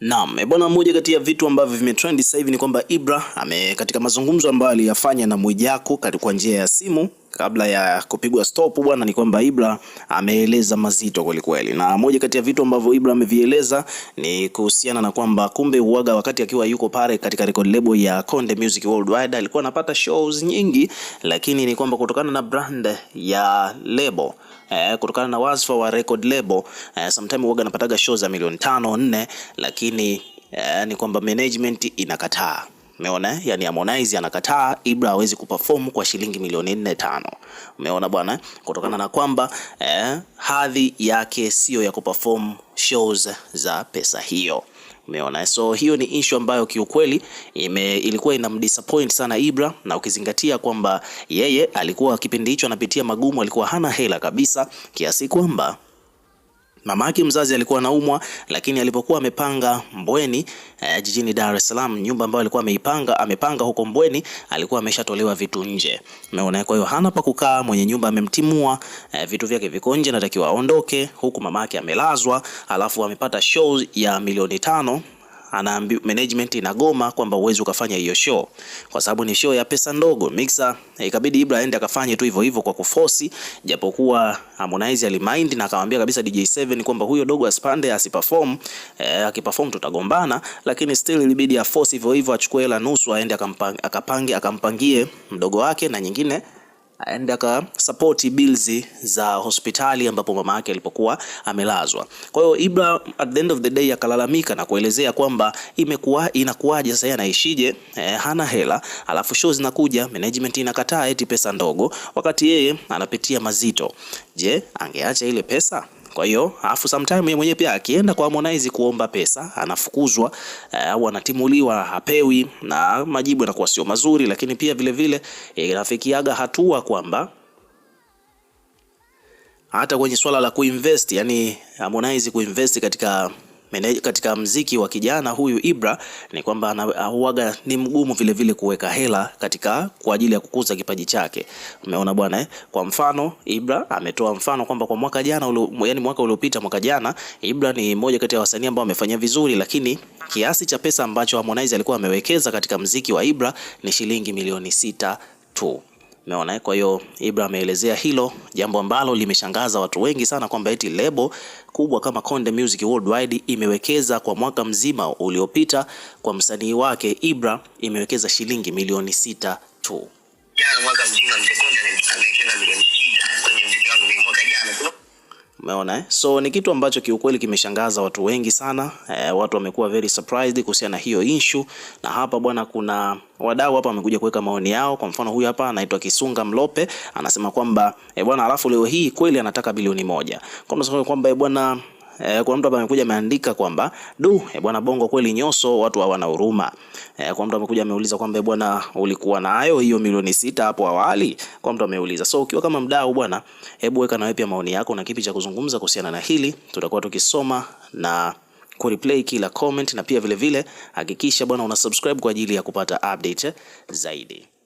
Naam, eh, bwana, moja kati ya vitu ambavyo vimetrend sasa hivi ni kwamba Ibra ame katika mazungumzo ambayo aliyafanya na Mwijaku kwa njia ya simu kabla ya kupigwa stop bwana, ni kwamba Ibra ameeleza mazito kwelikweli, na moja kati ya vitu ambavyo Ibra amevieleza ni kuhusiana na kwamba kumbe uwaga wakati akiwa yuko pale katika record label ya Konde Music Worldwide alikuwa anapata shows nyingi, lakini ni kwamba kutokana na brand ya label Eh, kutokana na wasfa wa record label eh, sometime huaga anapataga show za milioni tano nne, lakini eh, ni kwamba management inakataa. Umeona? Yaani Harmonize anakataa Ibra hawezi kuperform kwa shilingi milioni nne tano. Umeona bwana? Kutokana na kwamba eh, hadhi yake siyo ya kuperform shows za pesa hiyo. Umeona? So hiyo ni issue ambayo kiukweli ime, ilikuwa inamdisappoint sana Ibra, na ukizingatia kwamba yeye alikuwa kipindi hicho anapitia magumu, alikuwa hana hela kabisa kiasi kwamba mama yake mzazi alikuwa anaumwa, lakini alipokuwa amepanga Mbweni eh, jijini Dar es Salaam, nyumba ambayo alikuwa ameipanga amepanga huko Mbweni, alikuwa ameshatolewa vitu nje, umeona. Kwa hiyo hana pa kukaa, mwenye nyumba amemtimua, eh, vitu vyake viko nje, natakiwa aondoke, huku yake amelazwa, alafu amepata show ya milioni tano anaambiwa management inagoma kwamba uwezi ukafanya hiyo show kwa sababu ni show ya pesa ndogo. Mixer ikabidi Ibra aende akafanye tu hivyo hivyo kwa kuforce, japokuwa Harmonize alimind na akamwambia kabisa DJ7 kwamba huyo dogo asipande asiperform, eh, akiperform tutagombana, lakini still ilibidi aforce hivyo hivyo, achukue hela nusu aende akampangie akampangie mdogo wake na nyingine aende akasapoti bills za hospitali ambapo mama yake alipokuwa amelazwa. Kwa hiyo Ibra at the end of the day akalalamika na kuelezea kwamba imekuwa inakuwaje sasa anaishije, eh, hana hela, alafu show zinakuja, management inakataa eti pesa ndogo, wakati yeye anapitia mazito. Je, angeacha ile pesa? Kwa hiyo afu sometime yeye mwenyewe pia akienda kwa Harmonize kuomba pesa anafukuzwa eh, au uh, anatimuliwa hapewi, na majibu yanakuwa sio mazuri, lakini pia vile vile eh, inafikiaga hatua kwamba hata kwenye swala la kuinvest, yani Harmonize kuinvest katika meneja katika mziki wa kijana huyu Ibra ni kwamba anahuaga ni mgumu vile vile kuweka hela katika kwa ajili ya kukuza kipaji chake. Umeona bwana eh? Kwa mfano Ibra ametoa mfano kwamba kwa mwaka jana ule, yani mwaka uliopita mwaka jana Ibra ni mmoja kati ya wasanii ambao wamefanya vizuri, lakini kiasi cha pesa ambacho Harmonize alikuwa amewekeza katika mziki wa Ibra ni shilingi milioni sita tu. Umeona, eh? kwa hiyo Ibra ameelezea hilo jambo ambalo limeshangaza watu wengi sana kwamba eti lebo kubwa kama Konde Music Worldwide imewekeza kwa mwaka mzima uliopita kwa msanii wake Ibra imewekeza shilingi milioni sita tu. yeah, mwaka mzima mzee Konde milioni Umeona eh? So ni kitu ambacho kiukweli kimeshangaza watu wengi sana eh, watu wamekuwa very surprised kuhusiana na hiyo issue, na hapa bwana, kuna wadau hapa wamekuja kuweka maoni yao. Kwa mfano huyu hapa anaitwa Kisunga Mlope anasema kwamba eh, bwana, alafu leo hii kweli anataka bilioni moja kwa kwamba eh, bwana E, kuna mtu hapa amekuja ameandika kwamba du, e, bwana Bongo kweli nyoso watu hawana huruma. E, eh, kwa mtu amekuja ameuliza kwamba bwana ulikuwa nayo hiyo milioni sita hapo awali. Kwa mtu ameuliza. So ukiwa kama mdau bwana, hebu weka wewe pia maoni yako na kipi cha kuzungumza kuhusiana na hili. Tutakuwa tukisoma na kureplay kila comment na pia vile vile hakikisha bwana una subscribe kwa ajili ya kupata update zaidi.